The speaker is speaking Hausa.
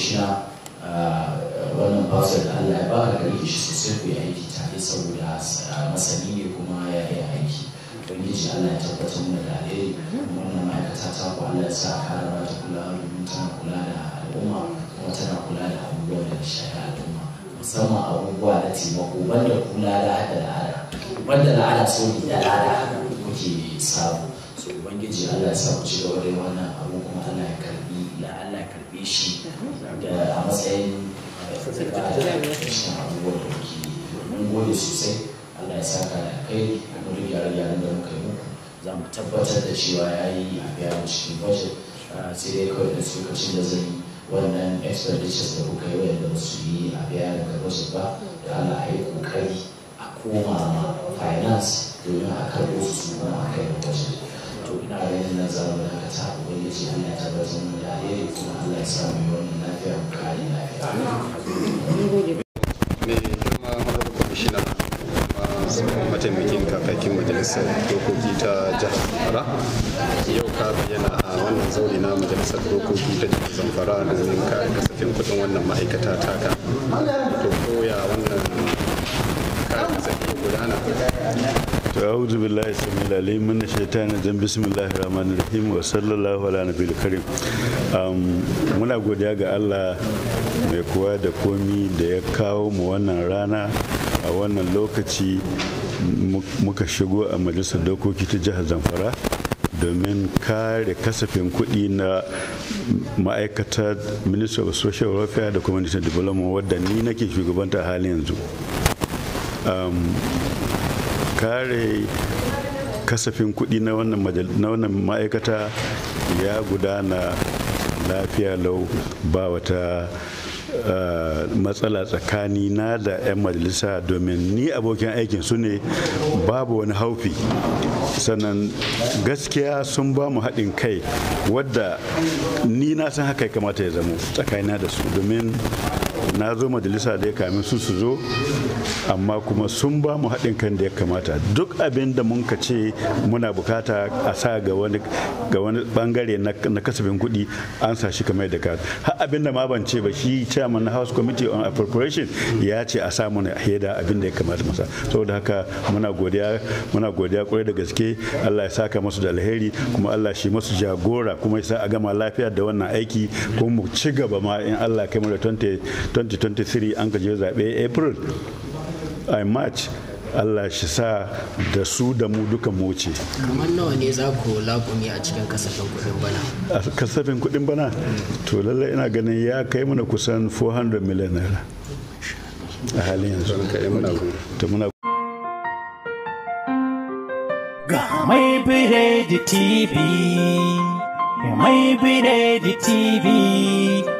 sha wannan basir da Allah ya baka ka rike shi sosai ku yi aiki tare saboda masani ne kuma ya yi aiki ubangiji Allah ya tabbatar mana da alheri wannan ma'aikata ta ku Allah ya sa kara ba ta kula domin tana kula da al'umma kuma tana kula da abubuwa da shafi al'umma musamman abubuwa na taimako banda kula da la'ada banda la'ada sau da la'ada kuke samu so ubangiji Allah ya sa ku ci gaba wannan abu kuma Allah karbi la Allah karbe shi da a matsayin eh, ba da muke mun gode sosai Allah ya saka da kai a duk gyare-gyaren da muka yi muku za mu tabbatar da cewa ya yi a biya mu cikin budget ah, sai dai kawai da lokacin da zai yi wannan expenditures da kuka yi wa yadda su yi a biya ka budget ba da Allah ya yi kokari a koma finance domin a karɓo su suna zama da alheri kuma Allah ya sa mu wannan lafiya mu kare lafiya me girma madar kwamishina ah, mataimakin kakakin majalisar dokoki ta jihar zamfara yau ka bayyana a wannan zaune na majalisar dokoki ta jihar zamfara domin ka kasafin kudin wannan ma'aikata taka to koya wannan ka kasafin gudana ta'awudu billahi samil alim min shaitani dan bismillahir rahmanir rahim wa sallallahu ala nabiyil karim um, muna godiya ga Allah mai kowa da komi da ya kawo mu wannan rana a wannan lokaci muka shigo a majalisar dokoki ta jihar Zamfara domin kare kasafin kuɗi na ma'aikatar ministry of social welfare da community development wadda ni nake shugabanta a halin yanzu kare kasafin kuɗi na wannan ma'aikata ya gudana lafiya lau ba wata matsala tsakani na da 'yan majalisa domin ni abokin aikin su ne babu wani haufi sannan gaskiya sun ba mu haɗin kai wadda ni na san haka ya kamata ya zamo tsakanina da su domin na zo majalisa da ya kami su su zo amma kuma sun ba mu haɗin kan da ya kamata duk abin da mun ka ce muna bukata a sa ga wani bangare na kasafin kuɗi an sa shi kamar da ka har abin da ma ban ce ba shi chairman na house committee on appropriation ya ce a sa mu heda abin da ya kamata masa saboda haka muna godiya muna godiya kwarai da gaske Allah ya saka masu da alheri kuma Allah shi masu jagora kuma ya sa a gama lafiya da wannan aiki kuma mu ci gaba ma in Allah kai mu da 2023 an gaje zaɓe april a march Allah shi sa da su da mu duka mu wuce. Kamar nawa ne za ku lagumi a cikin kasafin kuɗin bana? A kasafin kuɗin bana? To lalle ina ganin ya kai mana kusan 400 miliyan naira. A halin yanzu. To muna Ga mai biredi TV, mai biredi TV.